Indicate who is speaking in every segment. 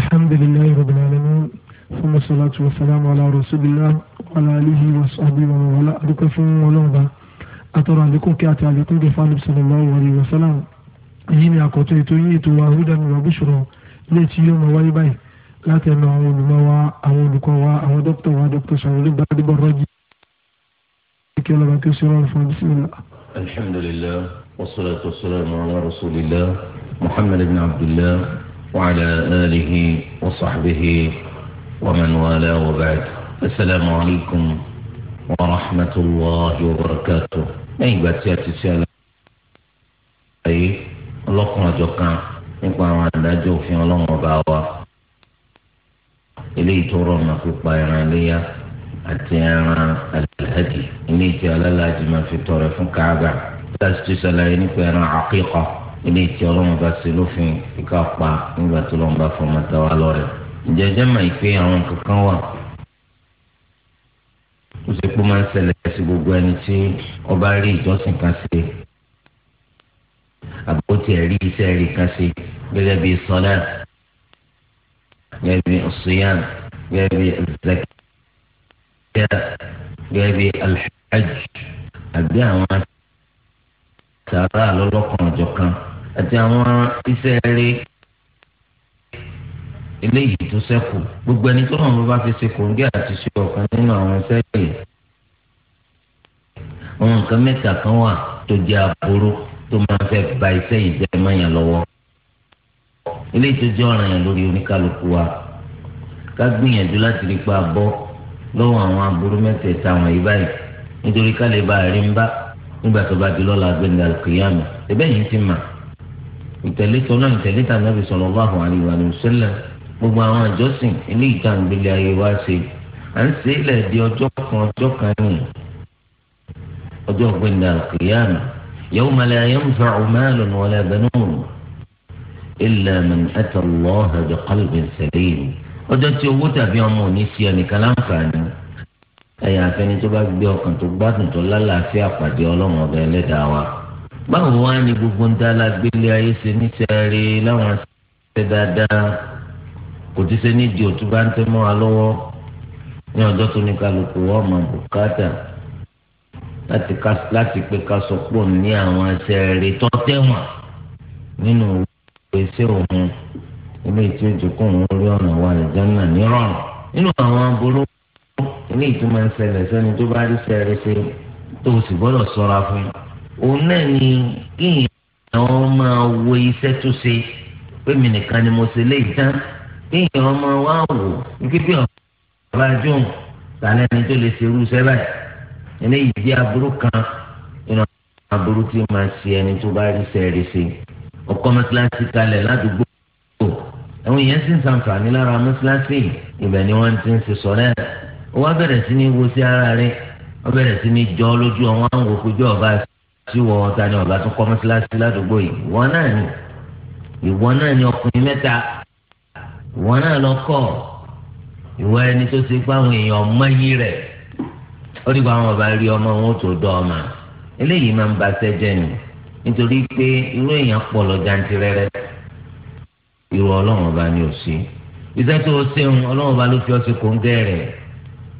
Speaker 1: الحمد لله رب العالمين ثم الصلاة والسلام على رسول الله وعلى آله وصحبه ومن والاه أدوك فún ọlọ́ọ̀bá atọ́rọ̀ àlékún kí àti àlékún kí fáwọn sallallahu alaihi wasallam èyí ni àkọ́tún ètò yín ètò wa hudan wa bushra ilé tí yóò máa wáyé báyìí láti ẹnu àwọn olùmọ̀ wa àwọn olùkọ́ wa àwọn dókítà wa dókítà sàrọ̀lẹ́ gbadébọ̀ rọ́jì. kí ọlọ́ba kí ó ṣe wọn fún bismillah.
Speaker 2: alhamdulillah wassalatu wassalamu ala rasulillah muhammad ibn abdullah. وعلى آله وصحبه ومن والاه وبعد السلام عليكم ورحمة الله وبركاته أي باتيات السلام أي الله رجوكا نقوى عندنا أجو في علم وباوة إلي تورونا في الطائرة ليا أتيانا الهدي إلي تيالا لاجما في طرف كعبة تستسلعيني في عقيقة ilé ìtì ọlọ́run bá ṣe lófin ìka pa nígbà tó lọ́n bá fọmọ tá wa lọ rẹ̀. ǹjẹ́ ẹjẹ́ mà yìí pé àwọn kankan wà ó ṣe pé máa ń ṣẹlẹ̀ sí gbogbo ẹni tí ọba rí ìjọsìn kan ṣe àbó tiẹ̀ rí iṣẹ́ rí kan ṣe gẹ́gẹ́ bí sọ́lá gẹ́gẹ́ bí ọ̀ṣùyàn gẹ́gẹ́ bí zakiya gẹ́gẹ́ bí alhaj àbí àwọn sàrà lọ́lọ́kan ọ̀jọ̀ kan àti àwọn iṣẹ́ rere eléyìí tó ṣẹ́kù gbogbo ẹni tó náà ló bá fi ṣe kòńgẹ́ àti ṣe ọ̀kan nínú àwọn iṣẹ́ yìí àwọn nǹkan mẹ́ta kan wà tó jẹ́ aburú tó máa fẹ́ ba iṣẹ́ yìí jẹ́ mọ́yàn lọ́wọ́ eléyìí tó jẹ́ ọ̀ràn yẹn lórí oníkálukú wa ká gbìyànjú láti rí pa bọ́ lọ́wọ́ àwọn aburú mẹ́tẹ̀ẹ̀ta wọ̀nyí báyìí nítorí ká lè ba àrí ń bá nígbà tó bá di lọ́la gbẹ̀ngàn kìyàmù ẹ̀bẹ́ yìí ti mà ìtẹ̀lé tó náà ìtẹ̀lé tà nàbì sallallahu alaihi wa sallam gbogbo àwọn àjọsìn eléyìí tá à ń gbélé ayé wa ṣe à ń ṣe ilẹ̀ di ọjọ́ kan ọjọ́ kan ní ọjọ́ ọ̀gbẹ́ni al-qiyamah yawma la yanfa'u malun wala banun illa man ata Allaha bi qalbin ọjọ́ tí owó tàbí ọmọ ò ní ẹnìkan láǹfààní ẹ̀yà àfẹni tó bá gbé ọkàn tó gbádùn tó lálàáfíà pàdé ọlọ́run ọba ẹlẹ́dàá wa báwo wá ní gbogbo ń dá lágbélé ayé ṣe ní sẹ́ẹ̀rì láwọn ṣe dáadáa kò ti ṣe ní di òtúbá ń tẹ́ mọ́ wa lọ́wọ́ ní ọjọ́ tó ní kálukú wọ́n mọ̀ bùkátà láti pé ká sọ pọ̀ ní àwọn sẹ́ẹ̀rì tó tẹ̀wọ̀n nínú ìgbésẹ̀ òun ilé tí ó jẹ́ kó òun rí ọ̀nà wa ìjánà nírọ̀rùn nínú àwọn aburú ilé ìtumọ̀ ń ṣẹlẹ̀ sẹ́ni tó bá rí sẹ́ẹ̀rì ṣe tó o sì gbọ́dọ̀ sọ́ra fún un òun náà ni kíyìn àwọn máa wo iṣẹ́ tó ṣe pé mi nìkan ni mo ṣe lè tán kíyìn àwọn máa wá wò wípé bí ọ̀rọ̀ bàbá john tàlẹ́ ni tó lè ṣerú iṣẹ́ báyìí eléyìí jẹ́ aburú kan nínú aburú tí máa ṣe ẹni tó bá rí sẹ́ẹ̀rì ṣe ọkọ mọ́sálásí kalẹ̀ ládùúgbò àwọn èèyàn sì ń sàǹfààní lára mọ́sálásí ibẹ̀ ni wọ́n ti ń ṣe sọ̀rẹ́ ó wá bẹ̀rẹ̀ sí ní wo sí ara rẹ̀ ó bẹ̀rẹ̀ sí ní jọ́ lójú ọ̀wọ́n tí wọ́n ta ni ọba tó kọ́ mọ́sálásí ládùúgbò yìí ìwọ náà ni ìwọ náà ni ọkùnrin mẹ́ta ìwọ náà lọ kọ́ ìwọ ẹni tó ti pa àwọn èèyàn ọmọ yìí rẹ̀ ó dìgbà àwọn ọba rí ọmọ wọn ó tó dọ́ ọmọ eléyìí máa ń ba sẹ́jẹ̀ nù nítorí pé irú èèyàn pọ̀ lọ jantirẹrẹ irú ọlọ́run ọba ni ò sí iṣẹ́ tó o ṣeun ọlọ́run ọba ló fi ọ sí kóńgẹ́ rẹ̀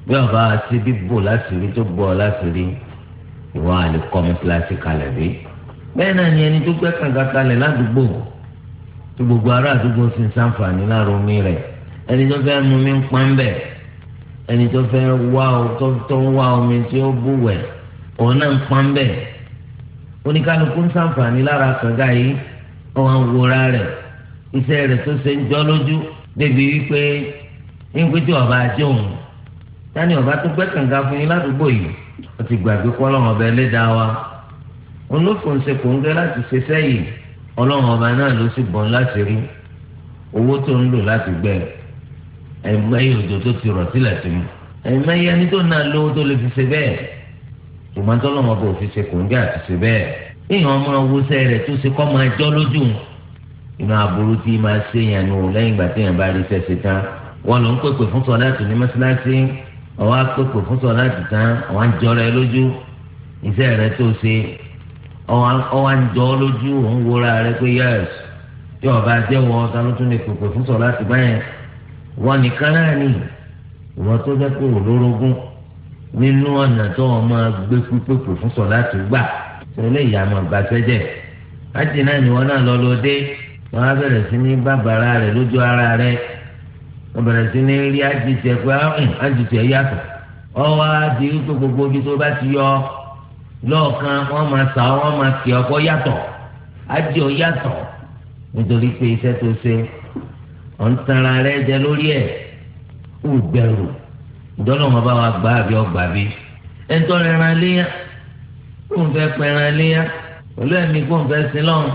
Speaker 2: bí ọba àti bíbò láṣìírí tó gbọ́ ọ láṣìírí ìwọ àlè kọ́ mọ́sálásí kalẹ̀ bí. bẹ́ẹ̀ náà ni ẹni tó gbẹ́ kàǹkà kalẹ̀ ládùúgbò tí gbogbo ará àdúgbò sì ń sàǹfààní láàrọ̀ omi rẹ̀ ẹni tó fẹ́ mú mi ń pa ń bẹ̀ ẹni tó fẹ́ wá tó ń wá omi tí ó bù wẹ̀ òun náà ń pa ń bẹ̀ oníkálukú ń sàǹfààní lára kàǹkà yìí ọ̀hún àwòrán rẹ̀ iṣẹ́ rẹ̀ tó ṣe ń jọ́ lójú débi wípé nígbè tí ọba àjọ òun tani ọba tó gbẹ́ kàǹkà fún yín ládùúgbò yìí ó ti gbàgbé kọ́ ọlọ́run ọba ẹlẹ́dàá wa olófin ṣe kòńgẹ́ láti ṣe sẹ́yìn ọlọ́run ọba náà ló sì bọ́n láti rí owó tó ń lò láti gbẹ ẹ̀mẹ́yẹ òjò tó ti rọ̀ sílẹ̀ sí mu ẹ̀mẹ́yẹ ẹni tó náà lówó tó lè fi ṣe bẹ́ẹ̀ ṣùgbọ́n tọ́lọ́run ọba ò fi ṣe kòńgẹ́ àti ṣe bẹ́ẹ̀ èèyàn ọmọ owóṣẹ́ rẹ̀ tó ṣe kọ́ máa jọ́ lójú inú aburú tí máa ṣe yẹn nù lẹ́yìn ìgbà tí yẹn bá rí sẹ́sẹ̀ tán wọn ló ń pèpè fún sọ́dá ọwọ́ akpẹ́kọ̀ọ́ fún sọ láti tán ọwọ́ àjọrọ ẹ lójú iṣẹ́ rẹ tó ṣe ọwọ́ àjọ lójú òun wúra rẹ pé yẹ́s tí ọba jẹ́wọ́ ọ̀sán ló tún lè pèpè fún sọ láti báyẹn wọ́n nìkan náà nì ìwọ́n tó jẹ́ pé òlórógún nínú ọ̀nà tó wọ́n máa gbé pípèpè fún sọ láti gbà tó lè yà máa bàtẹ́ jẹ́ ájì náà ni wọ́n náà lọ lọ wọ́n á bẹ̀rẹ̀ sí ní bàbàrà rẹ̀ lójú ara rẹ̀ wọ́n bẹ̀rẹ̀ sí ní rí àjẹsẹ̀ pé àjẹsẹ̀ ah, hmm, yàtọ̀ ọwọ́ àti wípé gbogbo ibi tó bá ti yọ lọ́ọ̀kan wọ́n máa sà wọ́n máa kì ọkọ yàtọ̀ àjẹ ò yàtọ̀ nítorí pé iṣẹ́ tó ṣe ọ̀n tara rẹ jẹ lórí ẹ̀ ò gbẹrù ìdọ́lọ́wọ́n bá wa gbà àbí ọgbà bí ẹ̀ńtọ́ rẹ̀ ran léyà kó n fẹ́ pẹ̀ran léyà pẹ̀lú ẹ̀mí kó n fẹ́ sin lọ́run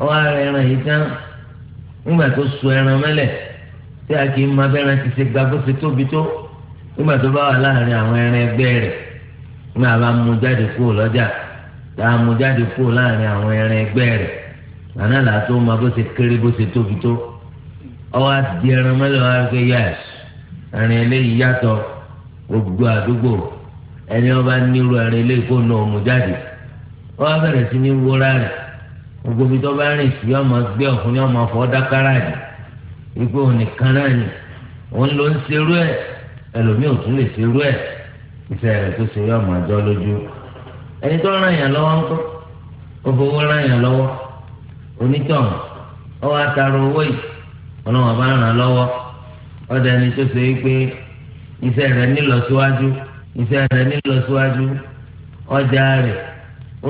Speaker 2: ọwọ́ ara ẹran yìí tán nígbà tó so ẹran mẹ́lẹ̀ tí a kì í mọ abẹ́rẹ́ ti ṣe gba ṣe tóbi tó nígbà tó bá wà láàrin àwọn ẹran ẹgbẹ́ rẹ̀ ní bá mú jáde kúrò lọ́jà tá a mú jáde kúrò láàrin àwọn ẹran ẹgbẹ́ rẹ̀ àná là tó mọ bó ṣe kéré bó ṣe tóbi tó ọwọ́ àti di gbogbo àdúgbò ẹni wọn bá ẹran eléyìí kó nà ọmọ jáde wọn bá bẹ̀rẹ̀ sí ní Igwe òun nìkan náà ni òun ló ń serú ẹ ẹlòmíì ò tún lè serú ẹ iṣẹ́ rẹ̀ tó ṣe yọ ọmọ àjọ lójú ẹni tó ràn yàn lọ́wọ́ ńkọ́ ó fowó ràn yàn lọ́wọ́ onítọ̀hún ó wá tara owó yìí ọlọ́wọ́n bá ràn án lọ́wọ́ ọ̀dà ẹni tó ṣe wípé iṣẹ́ iṣẹ́ ọjà ó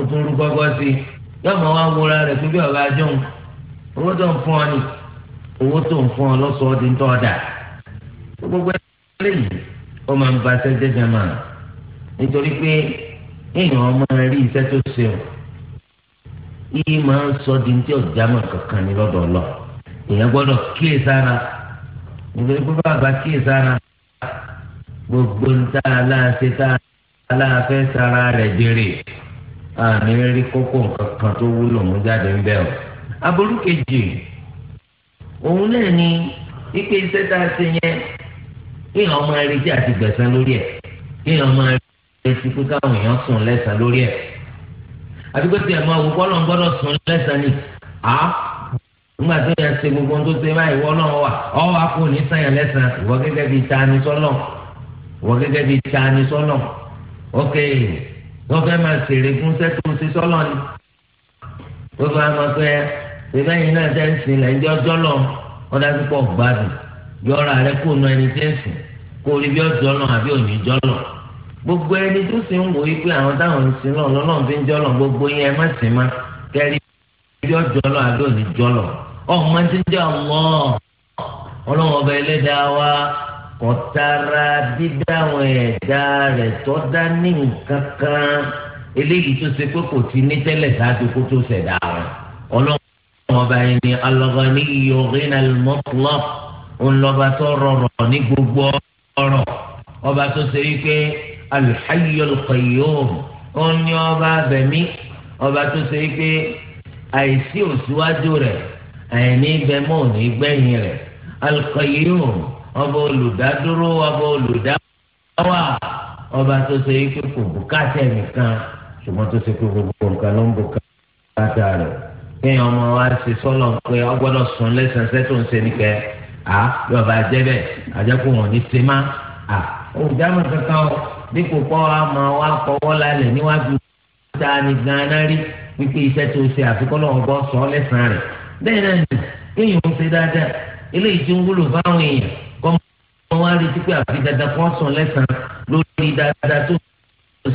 Speaker 2: tún rú owó tó ń fún ọ lọ́sọ̀ọ́ di ń tọ́ ọ̀dà gbogbo ẹ̀ lẹ́yìn ó máa ń ba sẹ́jẹ́ jama nítorí pé èèyàn ọmọ rẹ rí iṣẹ́ tó ṣe o yìí máa ń sọ di ní tí ọ̀já mọ̀ kankan ní lọ́dọ̀ lọ èèyàn gbọ́dọ̀ kíyè sára nítorí pé bàbá kíyè sára gbogbo ń tá a láàṣẹ tá a láàfẹ́ sára rẹ̀ jèrè àmì rí kókó nǹkan tó wúlò mú jáde ń bẹ̀ o aburú kejì. òun náà ni ike iṣẹ́ tá a ṣe yẹn kéèyàn ọmọ ẹrẹ́jì àti gbẹ̀sán lórí ẹ̀ kéèyàn ọmọ ẹrẹ́jì kó káwọn èèyàn sùn lẹ́sàn lórí ẹ̀ àdúgbò tí ẹ̀ máa wò bọ́lọ̀ ń gbọ́dọ̀ sùn lẹ́sàn ni nígbà tó ṣe gbogbo ohun tó ṣe báyìí wọ́n náà wà ọ́ wà kó ní sàyàn lẹ́sàn ìwọ gẹ́gẹ́ bíi ta ni sọ́lọ̀ ìwọ gẹ́gẹ́ bíi ta ni ok wọ́n fẹ́ máa ṣèrè fún sẹ́tù sí sọ́lọ̀ ni ṣèbá yìí náà jẹ́ ń sin ilẹ̀ ńjẹ́ ọjọ́ lọ wọ́n dájú pọ̀ gbádùn yọra rẹ kó nu ẹni tí ń sìn kó rí bí ọjọ́ lọ àbí òní jọ́ lọ. gbogbo ẹni tó sì ń wò yí pé àwọn táwọn ń sin náà lọ́nà fi ń jọ́ lọ gbogbo yẹn ẹ má sìn má kẹ́rí bí ọjọ́ lọ àbí òní jọ́ lọ. ọmọ ti ń jẹ́ ọmọ ọlọ́wọ́ ọba ẹlẹ́dàá wa kọ̀tara dídá àwọn ẹ̀dá rẹ̀ tó dá ní nǹkan kan eléyìí tó ṣe pé kò ti ní tẹ́lẹ̀ ṣáájú kó tó ṣẹ̀dá wọn ọlọ́run wọn bá yẹn ní alọ́gání yorùbá mọ́tòlọ́ ńlọba tó rọrọ̀ ní gbogbo ọ̀rọ̀ ọba tó ṣe wípé alhayyul qayyum ó ní ọba abẹ̀mí ọba tó ṣe wípé àìsí òṣìwájú rẹ̀ àìní bẹ̀mọ́ òní gbẹ̀yìn rẹ̀ alqayyum ọba olùdádúró ọba olùdáwà ọba tó ṣe wípé kò bùkátà ẹnìkan ṣùgbọ́n tó ṣe pé gbogbo nǹkan ló ń bùkátà rẹ̀ kéèyàn ọmọ wa ṣe sọ́lọ̀ pé ọ gbọ́dọ̀ sùn lẹ́sàn sẹ́tò ń ṣe nìkẹ́ à yọba jẹ́ bẹ́ẹ̀ àjẹkùn wọn ní ṣe má à olùdámọ̀ kankan o dípò pọ́ wa wa kọ́wọ́ lálẹ́ níwájú ta ni gan-an rí wípé iṣẹ́ tó ṣe àfikún náà sọ lẹ́sàn rẹ̀ bẹ́ẹ̀ náà ni kéèyàn ń ṣe dáadáa eléyìí tí ń wúlò fáwọn èèyàn kọ́ mọ́ wá retí pé àfi dáadáa kọ́ sọ lẹ́sàn lórí dáadáa tó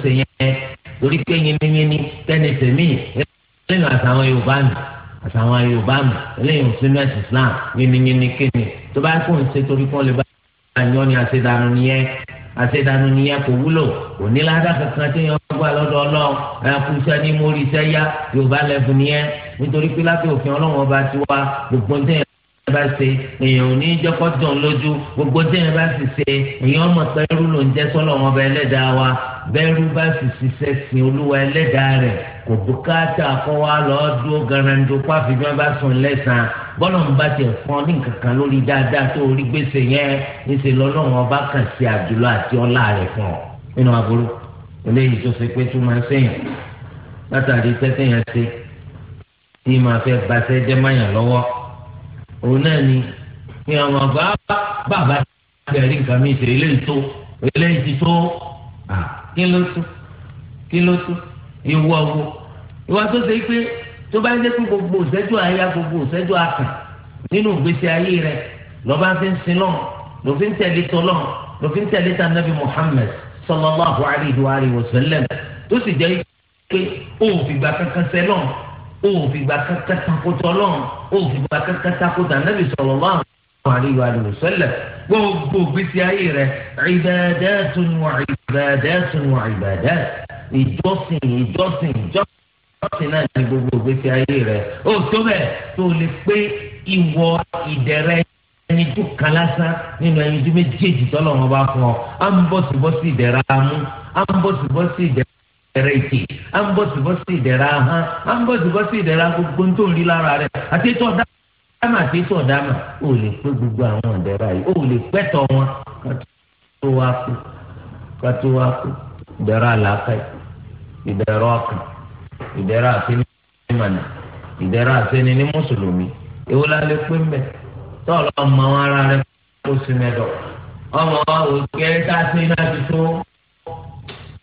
Speaker 2: ṣe yẹn torí pé yín ní lẹ́nu àtàwọn yorùbá nù àtàwọn yorùbá nù lẹ́yìn sínú ẹ̀sìn islam yínníyínní kéde tó bá kó ń ṣe torí kó lè bá àyàn ni àṣedànù nìyẹn àṣedànù nìyẹn kò wúlò kò ní ládà kankan tí yẹn gbà lọ́dọ̀ ọlọ́run ẹ̀kú iṣẹ́ ní mórí iṣẹ́ yá yorùbá lẹ́bù nìyẹn nítorí pé lábẹ́ òfin ọlọ́run ọba ti wá gbogbo ní bá ṣe èèyàn ò ní jẹ́kọ́ dùn lójú gbogbo téèyàn bá sì ṣe èèyàn mọ̀ pé ẹrú ló ń jẹ́ sọ́lọ́ wọn bá ẹlẹ́dàá wa bẹ́ẹ̀rú bá sì ṣiṣẹ́ sin olúwa ẹlẹ́dàá rẹ̀ kò bùkátà kó wá lọ́ọ́ dúró garandu pàfi bí wọ́n bá sùn lẹ́sàn-án bọ́lá ń bá tiẹ̀ fún ọ ní kankan lórí dáadáa tó orí gbèsè yẹn níṣẹ́ lọ́lọ́run ọba kàn sí àdúrà àti ọlá rẹ̀ fún ọ nínú aburú eléyìí tó ṣe pé tó máa ṣèyàn látàrí tẹ́tẹ́ yẹn tí máa fẹ́ baṣẹ́ jẹ́ máyàn òun náà ni ní àwọn àgbà bàbá ti rí nǹkan mi ṣe eléyìí tó eléyìí ti tó kí ló tó kí ló tó ìwọ wo ìwọ tó ṣe pé tó bá ń dẹ́kun gbogbo ìṣẹ́jú àyà gbogbo ìṣẹ́jú àkàn nínú ìgbésí ayé rẹ lọ́ba fi ń sin lọ́n ló fi ń tẹ̀lé tọ́lọ́n ló fi ń tẹ̀lé ta nabi Muhammad sallallahu alayhi wa sallam tó sì jẹ́ pé òun fìgbà kankan sẹ́lọ́n ó ò fi gba kankan tako tọlọ́run ó ò fi gba kankan tako tànàbì sallallahu alaihi wa sallam gbogbo gbèsè ayé rẹ ibadatun wa ibadatun wa ibadat ìjọsìn ìjọsìn ìjọsìn náà ní gbogbo gbèsè ayé rẹ ó tó bẹ́ẹ̀ tó lè pé ìwọ ìdẹ̀rẹ̀ ẹnìjú kan nínú ẹnìjú méjèèjì tọ́lọ̀ wọn bá fún ọ à ń bọ̀sibọ́sì ìdẹ̀ra mú à ń bọ̀sibọ́sì ìdẹ̀ra ìdẹ̀ra ètè à ń bọ̀sibọ́sì ìdẹ̀ra ahọ́n à ń bọ̀sibọ́sì ìdẹ̀ra gbogbo tó ń rí lára rẹ̀ àti ètò ọ̀dá dáàmà àti ètò ọ̀dáàmà ó lè pé gbogbo àwọn ìdẹ̀ra yìí ó lè pẹ́tọ̀ wọn kátó wá kú kátó wá kú ìdẹ̀ra àlàáfẹ́ ìdẹ̀ra ọkàn ìdẹ̀ra àfẹ́ni mọ̀nà ìdẹ̀ra àfẹ́ni ní mùsùlùmí èwo la lè pé mbẹ tọ́ọ̀lọ́ ọmọ ara rẹ̀ kó sinmi ọmọ òkè tá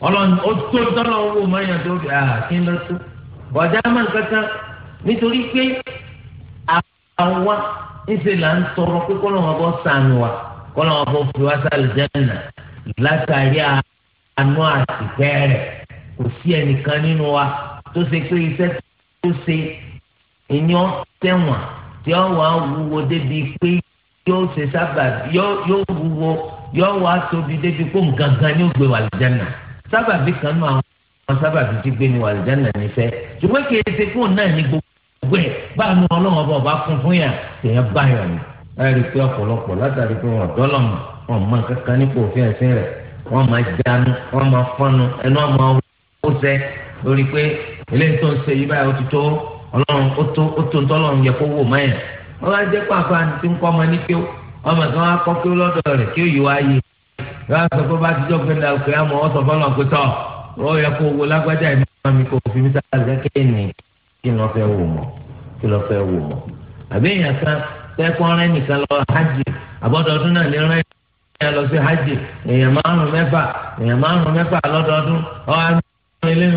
Speaker 2: ọlọ́run ó tó tọ́lọ̀ ń wò mọ́yàn tó bí kí n lọ tó bọ̀dá máa ń kankan nítorí pé àwa ńṣe là ń tọrọ pé kọ́ lọ́wọ́ bọ́ sànù wa kọ́ lọ́wọ́ bọ́ fi wá sálì jẹ́nà látàrí àánú àtìkẹ́ rẹ̀ kò sí ẹnìkan nínú wa tó ṣe pé iṣẹ́ tó ṣe ìyàn tẹ̀wọ̀n tí ó wà wúwo débi pé yóò ṣe sábà yóò wúwo yóò wá tóbi débi pé nǹkan gan ni ó gbé wà lẹ́jẹ̀ náà sábàbí kan náà àwọn sábàbí ti gbé ni wà lìjánà nífẹ̀ẹ́ ṣùgbọ́n kì í ṣe fóun náà ní gbogbo ẹ̀ báàmú ọlọ́run ọba ọba kún fún yà èèyàn báyọ̀ ni. ẹ rí i pé ọ̀pọ̀lọpọ̀ látàrí pé wọn dọ́lọ̀ mọ̀ wọn mọ kankan nípò òfin ẹ̀sìn rẹ̀ wọn máa jánu wọn máa fọ́nu ẹnu wọn máa ó sẹ́ lórí pé eléyìí tó ń ṣe yí báyìí ó ti tó ọlọ́run ó tó ó tó ń tọ́lọ́run yẹ kó wò mọ́ yẹn. wọ́n bá jẹ́ pàápàá ti ń kọ́ ọmọ ní yọ àṣọ tó bá ti jọ pé ní àwùjọ àmọ́ ọ̀sọ̀ fọlọ́ pé tọ̀ ó yẹ kó wo lágbájá ìmọ̀ mi kò fi mí sáré kẹ́kẹ́ ní kí lọ́ fẹ́ wò mọ́ kí lọ́ fẹ́ wò mọ́ àbí èèyàn kan tẹ́kọ́ rẹ́ nìkan lọ hajj àbọ̀dọ̀ọdún náà ní lọ sí hajj èèyàn márùn mẹ́fà èèyàn márùn mẹ́fà lọ́dọọdún ọ̀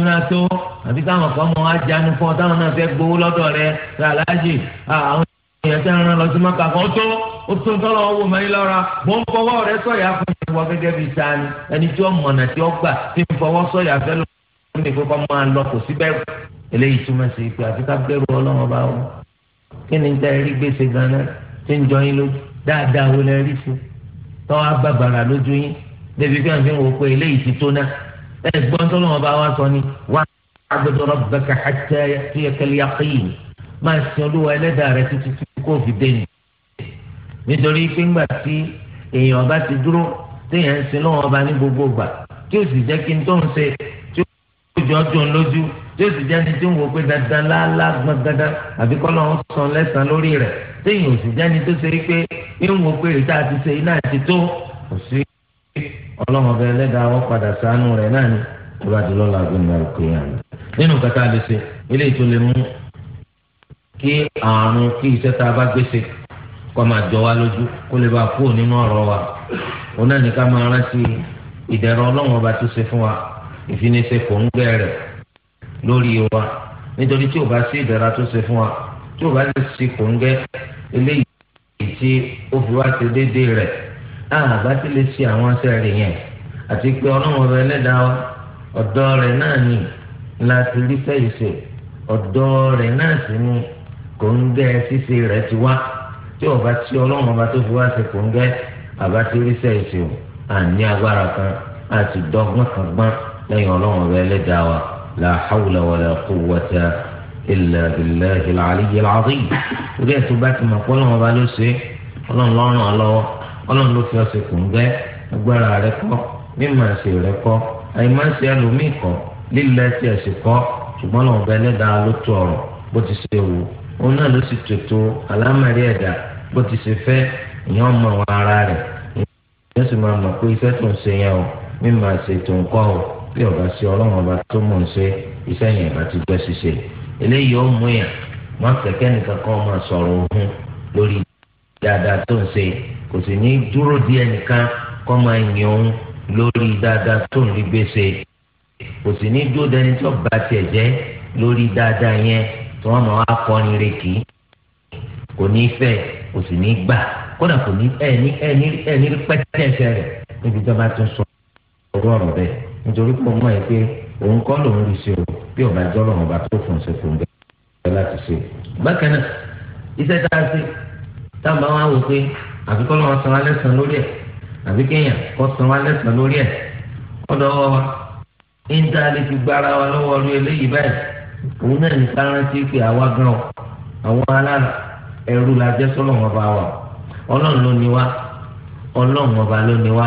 Speaker 2: náà tó àbí táwọn kan mọ fún ọ táwọn ó tó tọ́lọ̀ wò mẹ́rin lọ́ra mò ń fọwọ́ rẹ sọ̀yà fún ìwọ gẹ́gẹ́ bíi tani ẹni tí ó mọ̀nà tí ó gbà tí ń fọwọ́ sọ̀yà fẹ́ lọ fún mi kókó máa lọ kò sí bẹ́ẹ̀ eléyìí túmọ̀ sí pé àfi ká bẹ̀rù ọlọ́run bá wọn kí ni ta ẹrí gbèsè ganan tí ń jọ lójú dáadáa wo lẹ rí sí tọ́wọ́ agbábàrà lójú yín débi pé àfi ń wò pé eléyìí ti tó náà ẹ gbọ́n tó lọ́wọ́ bá wa sọ ni wà á gbẹdọ̀ rabbaka hatta ya'tiyakal yaqin máa sin olúwa ẹlẹ́dàá rẹ títí tí kò fi dé ni nítorí pé ńgbà tí èèyàn bá ti dúró téèyàn ń sin lọ́wọ́ ọba ní gbogbo ìgbà tí ó sì jẹ́ kí n tó ń ṣe tí ó jọ dùn lójú tí ó sì jẹ́ ni tí ń wo pé dandan láàlá gbọ́n dandan àbí kọ́ lọ́wọ́ san lẹ́sàn lórí rẹ̀ téèyàn ò sì jẹ́ ni tó ṣe pé ń wo pé ìta àti ṣe iná àti tó kò sí ọlọ́run ọba ẹlẹ́dàá wọ́n padà sànú rẹ̀ náà ni tó lọ́la gbẹ̀mí àrùkọ nínú a bá kó máa jọ wá lójú kó lè bá kú nínú ọ̀rọ̀ wa òun náà ní ká máa rántí ìdẹ̀rọ ọlọ́run ọba tó ṣe fún wa ìfinisẹ́ kò ń gbẹ rẹ̀ lórí wa nítorí tí ò bá sí ìdẹ̀ra tó ṣe fún wa tí ò bá lè ṣe kò ń gẹ́ eléyìí tí ó fi wá ṣe déédéé rẹ̀ àbá tí lè ṣe àwọn aṣẹ́ rẹ̀ yẹn àti pé ọlọ́run ọba ẹlẹ́dàá wa ọ̀dọ́ rẹ̀ náà ni láti rí fẹ́ ìṣe ọ̀dọ́ rẹ̀ náà sì ni kò ń gẹ́ ṣíṣe rẹ̀ ti wá tí ọba tí ọlọ́run ọba tó fi wá ṣe kò ń gẹ́ àbá ti rí sẹ́yìnsì o àní agbára kan àti dọ́gbọ́n kan gbọ́n lẹ́yìn ọlọ́run ọba ẹlẹ́dàá wa la hawla wala quwwata illa billahi al-ali al-azim orí ẹ̀ tó bá ti mọ̀ pé ọlọ́run ọba ló ṣe ọlọ́run lọ́rùn ọlọ́wọ́ ọlọ́run ló fi ọṣẹ kò agbára rẹ kọ́ mímọ̀ ẹ̀sẹ̀ rẹ kọ́ àyèmáṣẹ́ ẹlòmíì kọ́ lílẹ̀ ẹ̀sẹ̀ kọ́ ṣùgbọ́n ọlọ́run ọba ẹlẹ́dàá ló tó ọ̀rọ̀ bó ti ṣe wù ú òun náà ló sì tètò àlámàrí ẹ̀dá bó ti ṣe fẹ́ ìyẹn ọmọ àwọn ara rẹ̀ ìyẹn sì máa mọ̀ pé iṣẹ́ tó ń ṣe yẹn o mi máa ṣètò nǹkan o bí ọba sí ọlọ́run ọba tó mọ̀ ń ṣe iṣẹ́ yẹn bá ti gbẹ́ ṣiṣẹ́ eléyìí ó mú yàn wọn kẹ̀kẹ́ nìkan kan máa sọ̀rọ̀ ohun lórí dáadáa tó ń ṣe kò sì ní dúró díẹ̀ nìkan kọ́ máa yìn òun lórí dáadáa tó ń rí gbèsè kò sì ní dúró dẹni tó bá tiẹ̀ jẹ́ lórí dáadáa yẹn tí wọ́n mọ̀ wá kọrin rèékì kò ní fẹ́ kò sì ní gbà kódà kò ní ẹ̀ ní ẹ̀ ní ẹ̀ ní pẹ́tẹ́ ẹsẹ̀ rẹ̀ níbi tó bá tún sọ ọ̀rọ̀ ọ̀rọ̀ bẹ́ẹ̀ nítorí pé ọmọ yẹn pé òun kọ́ lòun rí sí o bí ọ̀gá jọ́rọ̀ wọn bá tó fún un ṣe fún un bẹ́ẹ̀ láti ṣe. bákan náà iṣẹ́ tá a ṣe táwọn wá wò pé àbí kọ́ lọ́wọ́ san alẹ́ san lórí ẹ̀ àbí kéèyàn kọ́ san alẹ́ san lórí ẹ̀ ọ̀dọ̀ wa ń dá lè fi gbára wa lọ́wọ́ ọdún eléyìí báyìí òun náà ní sárántí pé àwa gan ọ àwọn alára ẹrú la jẹ́ awa: bá wà ọlọ́run ló ní wá ọlọ́run ọba ló ní wá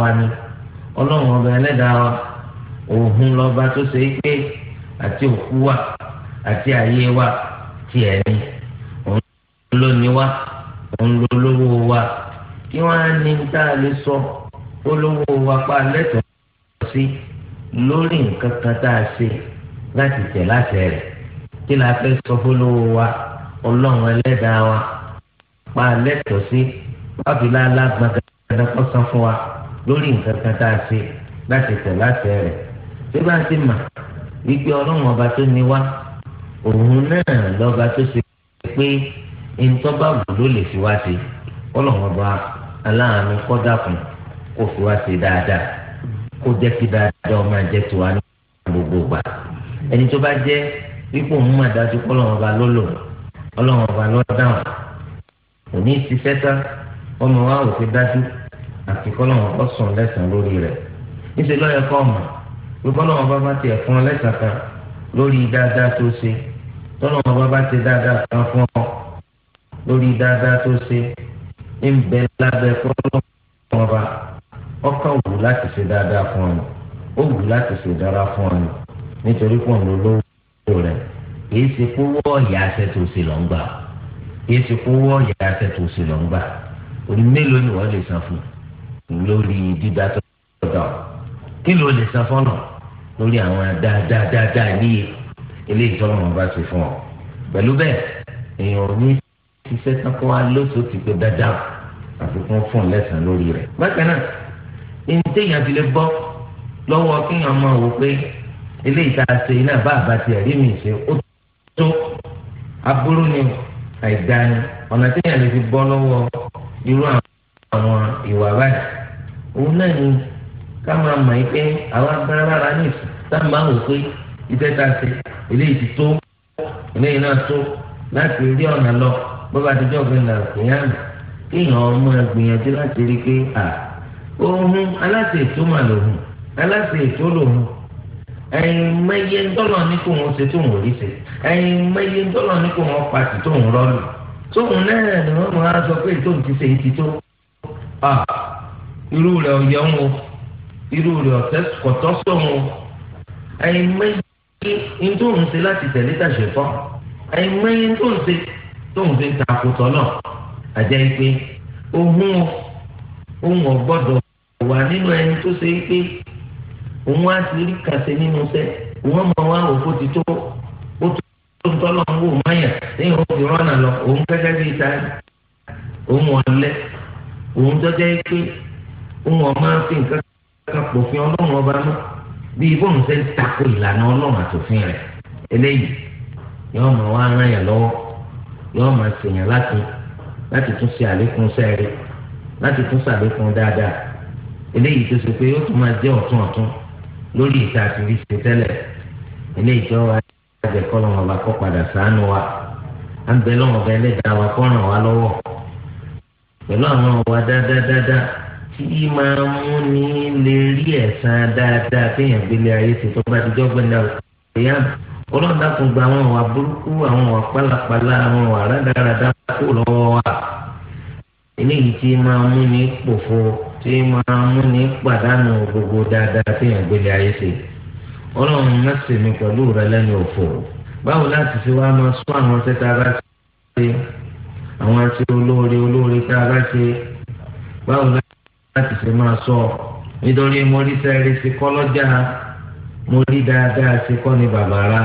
Speaker 2: wa ni ọlọ́run ọba ẹlẹ́dàá wa òun lọ́ba tó àti òkú wa àti ayé wa tiẹ̀ ni òun ló ní kí á ní tá a lè pa lẹ́tọ̀ọ́ sí lórí nǹkan kan tá a ṣe láti tẹ̀ láti rẹ̀ kí la fẹ́ sọ fólówó wa ọlọ́run ẹlẹ́dàá wa pa lẹ́tọ̀ọ́ sí wàbílá alágbàdàn kọ́ san fún wa lórí nǹkan kan tá a ṣe láti tẹ̀ láti rẹ̀ tí bá ti mà wípé ọlọ́run ọba tó ní wá
Speaker 1: òun náà
Speaker 2: lọ́ba tó ṣe pé ìtọ́ba gbòdó lè fi wá sí ọlọ́run ọba aláàánú kọ́ dàkún kó fi wá sí dáadáa kó jẹ́ kí dáadáa ọmọ ẹ̀jẹ̀ tó wà ní gbogbo gbà ẹni tó bá jẹ́ wípé òun mà dájú kọ́ lọ́wọ́n ọba ló lò ọlọ́wọ́n ọba ló dáhùn òní ṣiṣẹ́ tán ọmọ wa ò fi dájú àti kọ́ lọ́wọ́n ọkọ sùn lẹ́sàn-án lórí rẹ̀ níṣẹ́ lọ́yẹ kọ́ ọmọ wípé ọlọ́wọ́n ọba bá tiẹ̀ fún ọ lẹ́sàn kan lórí dáadáa tó ṣe tọ́lọ́wọ́n ọba bá ti dáadáa kan fún ọ lórí dáadáa tó ṣe ń bẹ lábẹ́ kọ́ lọ́wọ́n ọkàn wù láti ṣe dáadáa fún ọ ni ó wù láti ṣe dára fún ọ ni nítorí pọ̀ ní olówó rẹ̀ kìí ṣe kówó ọ̀yà aṣẹ tó ṣe lọ́n gbà kìí ṣe kówó ọ̀yà aṣẹ tó ṣe lọ́n gbà òní mélòó ni wọ́n lè san fún lórí dídá tó dọ̀ kí ló lè san fọ́nà lórí àwọn dáadáa níye eléyìí tó lọ́wọ́ bá ṣe fún ọ pẹ̀lú bẹ́ẹ̀ èèyàn ò ní ṣiṣẹ́ tán kó wá lóṣooṣù pé dáadáa àfikún fún lẹ́sàn lórí rẹ̀ bákan náà. ẹni téèyàn ti lè lọwọ lọ́wọ́ kéèyàn máa wò pé eléyìí tá iná bá àbá tiẹ̀ rí mi ṣe ó tó aburú ni àìdá ni ọ̀nà téèyàn lè fi bọ́ lọ́wọ́ irú àwọn ìwà báyìí òun náà ni ká máa mọ̀ yìí pé àwọn agbára lára ní ìsìn máa wò pé iṣẹ́ tá ilé ṣe eléyìí ti tó eléyìí náà tó láti rí ọ̀nà lọ bó bá ti jọ́ ọ̀gbìn náà kò yá mi kéèyàn ọmọ ẹ̀ gbìyànjú láti rí pé à. ohun aláṣẹ ètò mà lòun aláṣẹ ètò lòun ẹ̀yin mẹyẹ ńdọ́lọ̀ ní kò wọ́n ṣe tó wọ́n rí ṣe ẹ̀yin mẹyẹ ńdọ́lọ̀ ní kò wọ́n pa sí tó wọ́n rọ́ọ̀lù tóun náà ni wọ́n máa sọ pé ètò ti ṣe ti tó irú rẹ̀ ọ̀yẹ́ wọn irú rẹ̀ ọ̀tẹ́ kọ̀tọ́ sọ̀rọ̀ ẹ̀yin mẹyẹ ńdọ́lọ̀ ṣe láti tẹ̀lé tàṣẹ fọ́ ẹ̀yin mẹyẹ ńdọ́lọ̀ ṣe tóun fi ń ta àkótọ́ náà àjẹ́ pé ohun ohun ọ̀gbọ́dọ̀ wà nínú ẹni tó ṣe é pé òun á ti rí kàṣe nínú sẹ òun mọ wá òfò ti tó ó tó ń tọ́lọ̀ ń wò máyà lẹ́yìn ó fi rọ́nà lọ òun gẹ́gẹ́ bí ìta òun ọ̀lẹ́ òun tọ́jà pé òun ọ̀ma fi nǹkan fi ọlọ́run ọba mọ́ bí ń ìlànà ọlọ́run àtòfin eléyìí yọọ ma wá ràn yàn lọ́wọ́ yọọ eléyìí tó ṣe pé ó tún máa jẹ́ ọ̀tún ọ̀tún lórí ìta àti orí ṣe tẹ́lẹ̀ eléyìí tó wá jẹ́ kọ́ lọ́wọ́ ọba kọ́ padà sànù wa à ń bẹ lọ́wọ́ ọba ẹlẹ́dàá wa kọ́ ràn wá lọ́wọ́ pẹ̀lú àwọn ọba dáadáa tí máa mú ní lè rí ẹ̀san dáadáa téèyàn gbélé ayé ṣe tó bá ti jọ́gbẹ́ náà ìyá ọlọ́run dákun gba àwọn ọ̀wà burúkú àwọn ọ̀wà pálapàla àwọn ọ̀wà rádaràdá kó lọ́wọ́ wa eléyìí tí máa mú ní pòfo tí máa mú ní pàdánù gbogbo dáadáa tí yàn gbélé ayé ṣe ọlọ́run mẹ́sìn mi pẹ̀lú rẹ lẹ́nu òfò báwo láti fi wá máa sún àwọn tẹ́tà bá ṣe àwọn àti olóore olóore tá a bá ṣe báwo láti fi máa sọ nítorí mo rí sẹ́ẹ̀rì sí kọ́ mo rí dáadáa sí kọ́ bàbára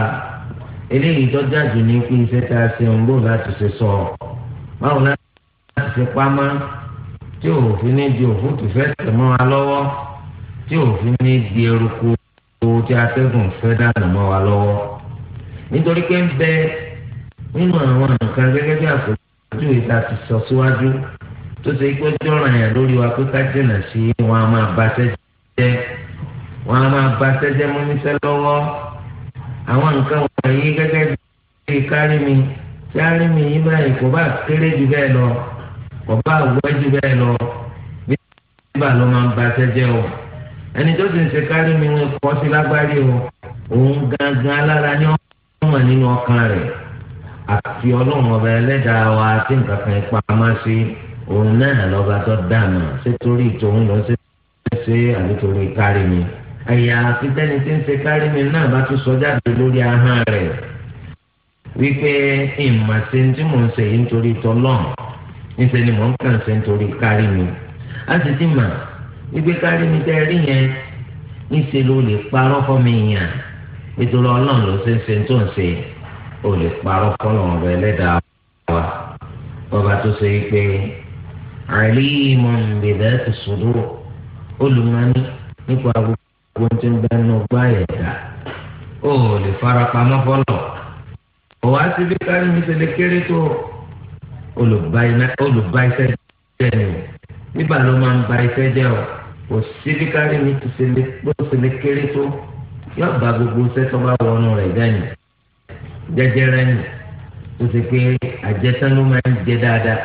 Speaker 2: eléyìí tó jáde ní pé iṣẹ́ tá a ṣe ń bò láti ṣe sọ báwo láti fi pamọ́ tí òfin ní di òfin tó fẹ́ tẹ̀ mọ́ wa lọ́wọ́ tí òfin ní di eruku tí atẹ́gùn fẹ́ dànù mọ́ wa lọ́wọ́ nítorí pé ń bẹ nínú àwọn nǹkan gẹ́gẹ́ bí àfojúwe tá a ti sọ síwájú tó ṣe pé jọ̀ràn yẹn lórí wa pé ká jìnà sí wọn a máa ba sẹ́jẹ́ wọn a máa ba sẹ́jẹ́ mú níṣẹ́ lọ́wọ́ àwọn nǹkan wọ̀nyí gẹ́gẹ́ bí kárí mi kárí mi yí báyìí kò bá kéré jù bẹ́ẹ̀ lọ bàbá àwùjọ bẹ́ẹ̀ lọ bí bàbá ló máa ń ba sẹ́jẹ́ o ẹni tó sì ń ṣe kárí mi ń kọ́ sí lágbárí o òun gangan alára ni wọ́n mọ̀ nínú ọkàn rẹ̀ àti ọlọ́run ọba ẹlẹ́dàá wa tí nǹkan kan pamọ́ sí òun náà lọ́ba tó dànù sétórí ìtòun lọ sí ṣe àlùtòrí kárí mi ẹ̀yà àti tẹ́ni tí ń ṣe kárí mi náà bá tún sọ jáde lórí ahọ́n rẹ̀ wípé ìmọ̀ sí ní tí mò ń ṣe yìí nítorí tọ́lọ́run níṣẹ́ ni mò ń kàn ṣe nítorí kárí mi a sì ti mà wípé kárí mi tẹ́ rí yẹn níṣẹ́ ló lè parọ́ fọ́ mi yàn nítorí ọlọ́run ló ṣe ń ṣe tó ń ṣe ó lè parọ́ fọ́lọ́run rẹ lẹ́dàá wa ọba tó ṣe pé alimun bi dhati sudur olùmọ́ni nípa gbogbo tí ń bẹnu gbá ẹ̀dá ó lè farapamọ́ fọ́lọ́ òwá síbi kárí mi ṣe lè kéré tó olùbá iṣẹ́ jẹ́ ni o bíbà ló máa ń ba iṣẹ́ jẹ́ o kò sí bí kárí mi ti ṣe lè kéré tó yóò bá gbogbo iṣẹ́ tó bá wọnú rẹ̀ dání jẹjẹrẹ ni tó ṣe pé àjẹsán ló máa ń jẹ dáadáa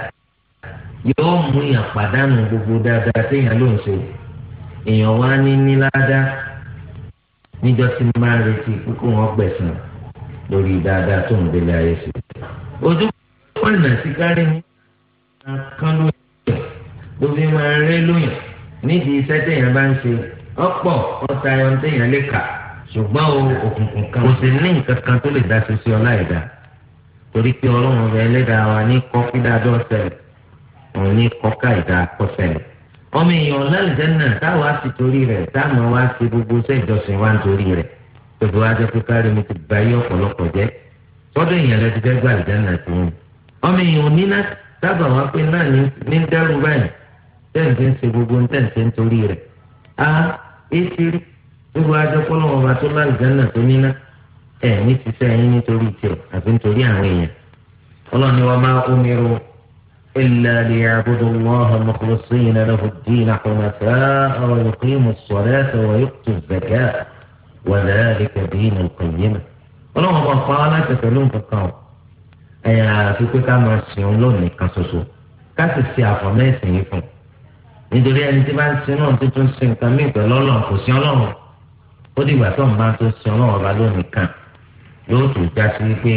Speaker 2: yóò mú èèyàn pàdánù gbogbo dáadáa téèyàn ló ń ṣe èèyàn wá ní níláadá níjọ́ tí máa retí kókó wọn gbẹ̀sán lórí dáadáa tó ń gbélé ayé sí ojú ọ̀nà tí kárí ní kan ló yẹ kó fi máa rẹ́ lóyún nídìí iṣẹ́ téèyàn bá ń ṣe ọ̀pọ̀ ọ̀tá ẹran téèyàn lè kà ṣùgbọ́n òkùnkùn kan kò sì ní nǹkan kan tó lè dá sí sí ọlá ẹ̀dá torí pé ọlọ́run ọba ẹlẹ́dàá wa ní kọ́ kí dáadọ́ ṣẹlẹ̀ òun ní kọ́ ká ìdá kọ́ ṣẹlẹ̀ ọmọ èèyàn lálùjẹ́ náà táwa sì torí rẹ̀ táwọn wá sí gbogbo iṣẹ́ ìjọsìn wa ń torí rẹ̀ gbogbo ajẹ́ pé kárí mi ti báyé ọ̀pọ̀lọpọ̀ jẹ́ sọ́dọ̀ èèyàn lẹ́ti fẹ́ gbà náà ti yín ọmọ èèyàn níná dábàá wọn pé náà ní dẹ́rù báyìí tẹ̀sí ń ṣe gbogbo ń tẹ̀sí ń torí rẹ̀ a èsì rí gbogbo adékọ́lọ́ wọn bá tó lálùjáná tó níná ẹ̀ ní sísẹ́ yín nítorí tiẹ̀ àti nítorí àwọn èèyàn ọlọ́ni wọn máa omiru ilẹ̀ àlẹ́ àbúrò wọn mọ̀kúrọ́sí yìí náà lọ́kùn dín iná kọ́nàtà ọ̀rọ̀ ọ̀rọ̀ yìí tó zẹ̀gẹ́ wọ̀lẹ́ ẹ̀yà àfi pé ká máa sìn ọ́n lónìí kan ṣoṣo ká sì ṣe àfọ̀mẹ́sìn yìí fún un nítorí ẹni tí bá ń sin náà tó tún sin nǹkan mí pẹ̀lú ọlọ́run kò sí ọlọ́run ó dìgbà tó ń bá tó sin ọlọ́run ọba lónìí kan yóò tún já sí wípé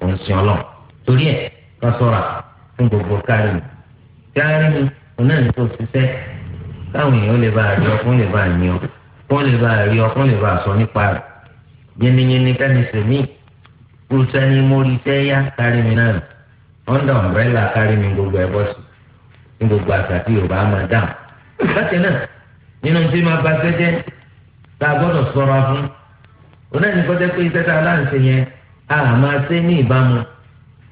Speaker 2: òun sin ọlọ́run torí ẹ̀ ká sọ́ra fún gbogbo kárí mi kárí mi òun náà ní kó ṣiṣẹ́ káwọn èèyàn lè bá rí ọkùn lè bá yín ọ kó lè bá rí ọkùn lè bá sọ nípa rẹ̀ yínníyínní kẹ́ni sèmíì kó sẹ́ni mórí tẹ́ yá kárí mi náà ọ̀ndà ọ̀mbrẹ́là kárí mi gbogbo ẹ̀ bọ́sù ní gbogbo àṣà tí yorùbá máa dáhùn. bákan náà nínú tí máa bá sẹ́jẹ́ tá a gbọ́dọ̀ sọ̀rọ̀ fún onáyìn kọ́jẹ́ pé iṣẹ́ tá yẹn a máa ṣe ní ìbámu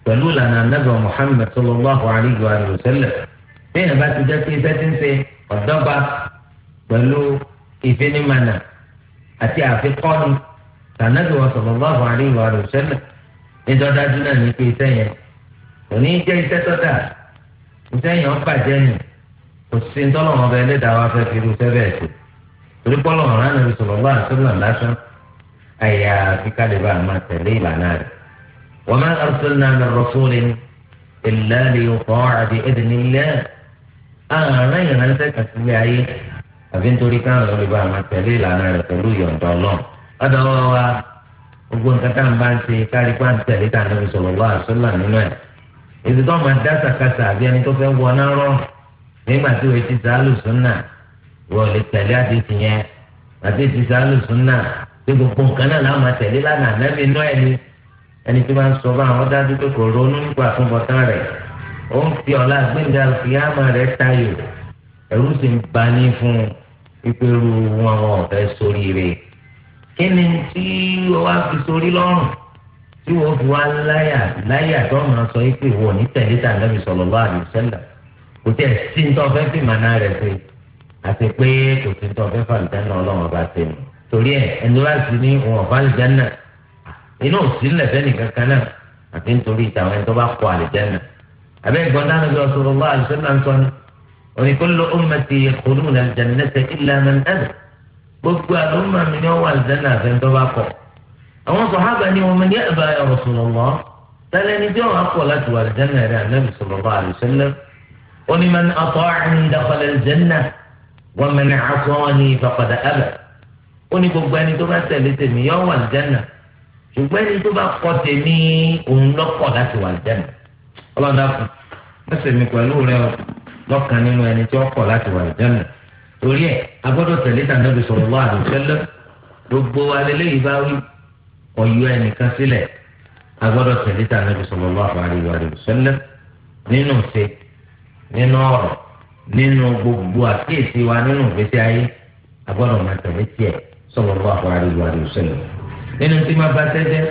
Speaker 2: pẹ̀lú ìlànà anábẹ́ Muhammad sallallahu alayhi wa sallam bẹ́ẹ̀ bá ti jẹ́ pé iṣẹ́ ti ń ṣe ọ̀dọ́gba pẹ̀lú ìfinimànà àti àfikọ́ni tànàbẹ́ wa sallallahu alayhi wa ìdọ́dájú náà ní pé iṣẹ́ yẹn kò ní jẹ́ iṣẹ́ tọ́da iṣẹ́ yẹn ó bàjẹ́ nù kò sí ntọ́lọ́mọ bẹ ẹlẹ́dàá wa fẹ́ fi irú iṣẹ́ bẹ́ẹ̀ ṣe torí pọ́lọ́mọ rán ní sọ̀rọ̀ bá àtúnlọ̀ lásán àyà àfikàlẹ́bà máa tẹ̀lé ìlànà rẹ̀ wọ́n máa ń sọ náà lọ rọ́sọ́ọ̀lẹ́ ní ìlàlẹ́ ọkọ̀ àbí àbí nítorí káwọn olùbá máa tẹ̀lé ìlànà rẹ̀ gbogbo nǹkan tá à ń bá ń ṣe kárí pa ń tẹ̀lé tá à ń sọ̀rọ̀ lọ́wọ́ àṣọlá nínú ẹ̀ èsì tó máa dá sàkàsà àbí ẹni tó fẹ́ wọ náà rọ nígbà tí òye ti sàálù súnà wọ́n lè tẹ̀lé àdéhùn yẹn àdéhùn sàálù súnà pé gbogbo nǹkan náà láwọn máa tẹ̀lé lánàá lẹ́bi náà ẹni ẹni tó bá sọ báwọn dájú pé kò ronú nípa àtúbọ̀tán rẹ̀ ó ń fi ọ̀la gbẹ̀ngà fìyàmà kí ni tí wọ́n wá fi sórí lọ́rùn tí wọ́n fi wá láyà láyà tó máa sọ pé wọ́n ní tẹ̀lé tà Ànábì sallallahu alaihi wasallam kò tẹ̀ sí ní tọ́fẹ́ fi màná rẹ̀ ṣe àti pé kò sí ní tọ́fẹ́ fàlùjáná ọlọ́run ọba ṣe mu torí ẹ̀ ẹni wá sí ní òun fàlùjáná inú òsínlẹ̀ fẹ́ni kankan náà àti nítorí ìtàwọn ẹni tó bá kọ àlùjáná abẹ́ ìgbọ́n dáná bí sallallahu alaihi wasallam sọ ni gbogbo àlùmọ̀ mi ni wọ́n wà lùdánù àfẹ́ńtọ́ bá kọ̀ àwọn sọ̀hábà ni wọ́n ní ẹ̀bà ẹ̀rọ sọ̀rọ̀ mọ́ tẹ́lẹ̀ ní tí wọ́n á kọ̀ láti wà lùdánù rẹ̀ ànábì sọ̀rọ̀ bá àlùsẹ́lẹ̀ ó ní mẹ́ni ọ̀tọ̀ àní ìdáfọ̀lẹ̀ lùdánù wọ́n mẹ́ni àtọ́ ní ìfapàdà ẹ̀bẹ̀ ó ní gbogbo ẹni tó bá tẹ̀lé tèmi yọ wà lùdánù ṣùgbọ́n ẹni tó bá torí ẹ agbọ́dọ̀ tẹ̀lé tànàbí sallallahu alaihi wasallam gbogbo alẹ́lẹ́yìí bá wí ọ̀yọ́ ẹnìkan sílẹ̀ agbọ́dọ̀ tẹ̀lé tànàbí sallallahu alaihi wasallam nínú ṣe nínú ọ̀rọ̀ nínú gbogbo àkíyèsí wa nínú ìgbésí ayé agbọ́dọ̀ máa tẹ̀lé tiẹ̀ sallallahu alaihi wasallam nínú tí máa bá tẹ́jẹ́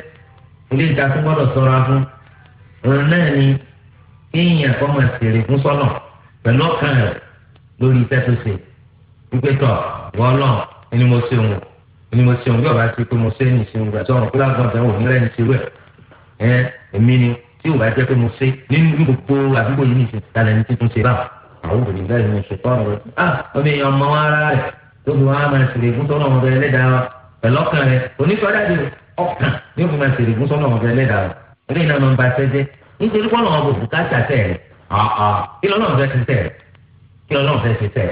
Speaker 2: ilé ìdásí gbọ́dọ̀ sọ̀rọ̀ fún òun náà ni kéèyàn kọ́ máa ṣèrè fún sọ́nà pẹ̀lú ọ̀kan rẹ̀ lórí iṣẹ́ ṣe wípé tọ̀ wọ́n lọ ni mo ṣe wọn ni mo ṣe wọn bí ọba ti pé mo ṣe é ní ìṣe wọn gbàtọ́ ọ̀run kó lágbọ̀dọ̀ wò nílẹ̀ ní ìṣirò ẹ̀ ẹ̀ èmi ni tí ò bá jẹ́ pé mo ṣe nínú gbogbo àdúgbò yìí ní ìṣe talẹ̀ ní títún ṣe báwọn àwọn òbí nígbà yìí tọ́ ọ̀rọ̀ ah omi èèyàn mọ wọn ara rẹ̀ tó fi wọn á máa ṣèrè fún tọ́nà ọ̀bẹ ẹlẹ́dàá wa pẹ̀lọ́kàn rẹ̀ onífọ̀dájú ọ̀kàn ní òfin máa ṣèrè fún tọ́nà ọ̀bẹ ẹlẹ́dàá wa eré iná máa ń ba sẹ́jẹ́ nítorí pọ́nà ọ̀bùn kò ká ṣàtẹ̀ rẹ̀ ọ̀ọ́ kí lọ́nà ọ̀fẹ́ ti tẹ̀ kí lọ́nà ọ̀fẹ́ ti tẹ̀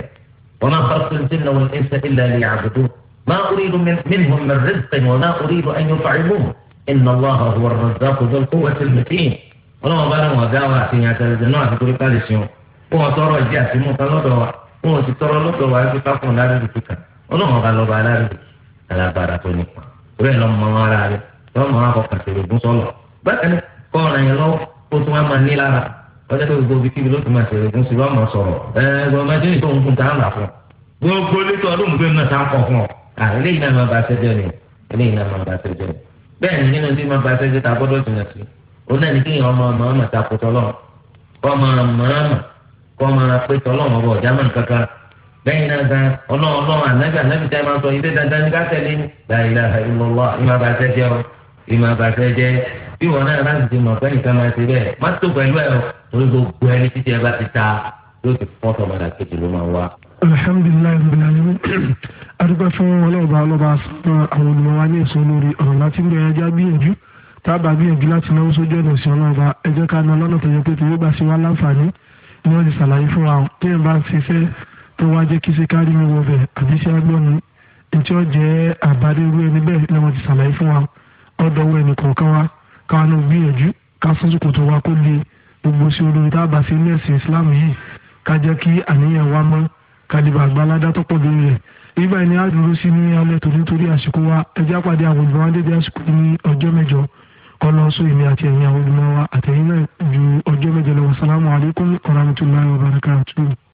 Speaker 2: وما خلقت الجن والإنس إلا ليعبدون ما أريد من منهم من رزق وما أريد أن يطعمون إن الله هو الرزاق ذو القوة المتين ọlọ́wọ́n bá lọ́wọ́ ọ̀gá wa àtìyàn àtàlẹ́jẹ náà àti torí ká lè ṣeun fún wọn tọrọ ìdí àti mú kan lọ́dọ̀ wa fún wọn ti tọrọ lọ́dọ̀ wa ẹgbẹ́ káfọ́n lárúbí kíkà ọlọ́wọ́n bá lọ́ba alárúbí alágbára tó nípa bẹ́ẹ̀ lọ́ mọ ara rẹ lọ́ mọ akọkàn tèrè gún sọ́lọ̀ bẹ́ẹ̀ ni kọ́ ọ̀ràn yẹn lọ́wọ́ kó tún wá máa ní lára wọ́n tẹ́tẹ́ gbogbo bí kíbi ló ti máa ṣẹlẹ̀ fún ṣùgbọ́n àmọ́ sọ̀rọ̀ ẹ̀ẹ́dọ̀ ọmọdé yìí tó ń fún tá à ń rà fún gbogbo létò ọdún gbé náà tá à ń kọ̀ fún ọ. eléyìí náà máa ba ṣẹjọ ni eléyìí náà máa ba ṣẹjọ ni bẹ́ẹ̀ ni nínú tí máa ba ṣẹjọ ta gbọ́dọ̀ jìnà sí òun náà ní kí ọmọ ọmọ ọmọ ta kó tọ́lọ́run kọ́ máa mọ̀ ọ́n mọ̀ kọ́ máa pé tọ́lọ́run ọ̀bọ̀ ọ̀já mọ̀ kankan bẹ́ẹ̀ náà gan ọlọ́run ọlọ́run ànágbà ànábì tẹ́ máa bí wọn náà láti di màgbẹ́ nìkan máa ti bẹ́ẹ̀ má tó pẹ̀lú ẹ̀ torí gbogbo ẹni títí ẹ bá ti ta yóò ti fọ́ sọ̀mọ́dà kejì ló máa wá.
Speaker 1: alhamdulilayi rabbil alamin adúgbò fún ọlọ́ọ̀bá ọlọ́ba àwọn olùmọ̀wá ní èso lórí ọ̀rọ̀ láti ń bẹ̀rẹ̀ ajá gbìyànjú tábà gbìyànjú láti náwó sójú ọ̀nà sí ọlọ́ọ̀bá ẹ jẹ́ ká ná lọ́nà tó yẹ pé tèmi bá ṣe wá láǹfààní ni wọ́n ti ṣàlàyé fún wa téèyàn bá ń ṣiṣẹ́ tó wá jẹ́ kí ṣe kárí mi wọ bẹ̀ àbí ṣe agbọ́nu ètí ọ̀jẹ̀ àbádé irú ẹni bẹ́ẹ̀ ni wọ́n ti ṣàlàyé fún wa ọ̀dọ̀ wọ ẹnì kọ̀ọ̀kan wa káwọn náà gbìyànjú ká fún ṣòkòtò wa kó lè gbogbo sí olórí tá a bá ṣe ní ẹ̀sìn islam yìí ká jẹ́ kí àníyàn wa mọ́ ká àgbàládá tó pọ̀ lórí rẹ̀ ibà ni a dúró sí ní alẹ́ tó nítorí àsìkò wa ẹjẹ́ àpàdé àwọn olùmọ̀ wa dédé àsìkò ní ọjọ́ mẹ́jọ kọ́ lọ sóyè mi àti ẹ̀yin àwọn olùmọ̀ wa àtẹ̀yìn náà ju ọjọ́ mẹ́jọ lọ wàsálàmù alaykum wa rahmatulahi
Speaker 2: wa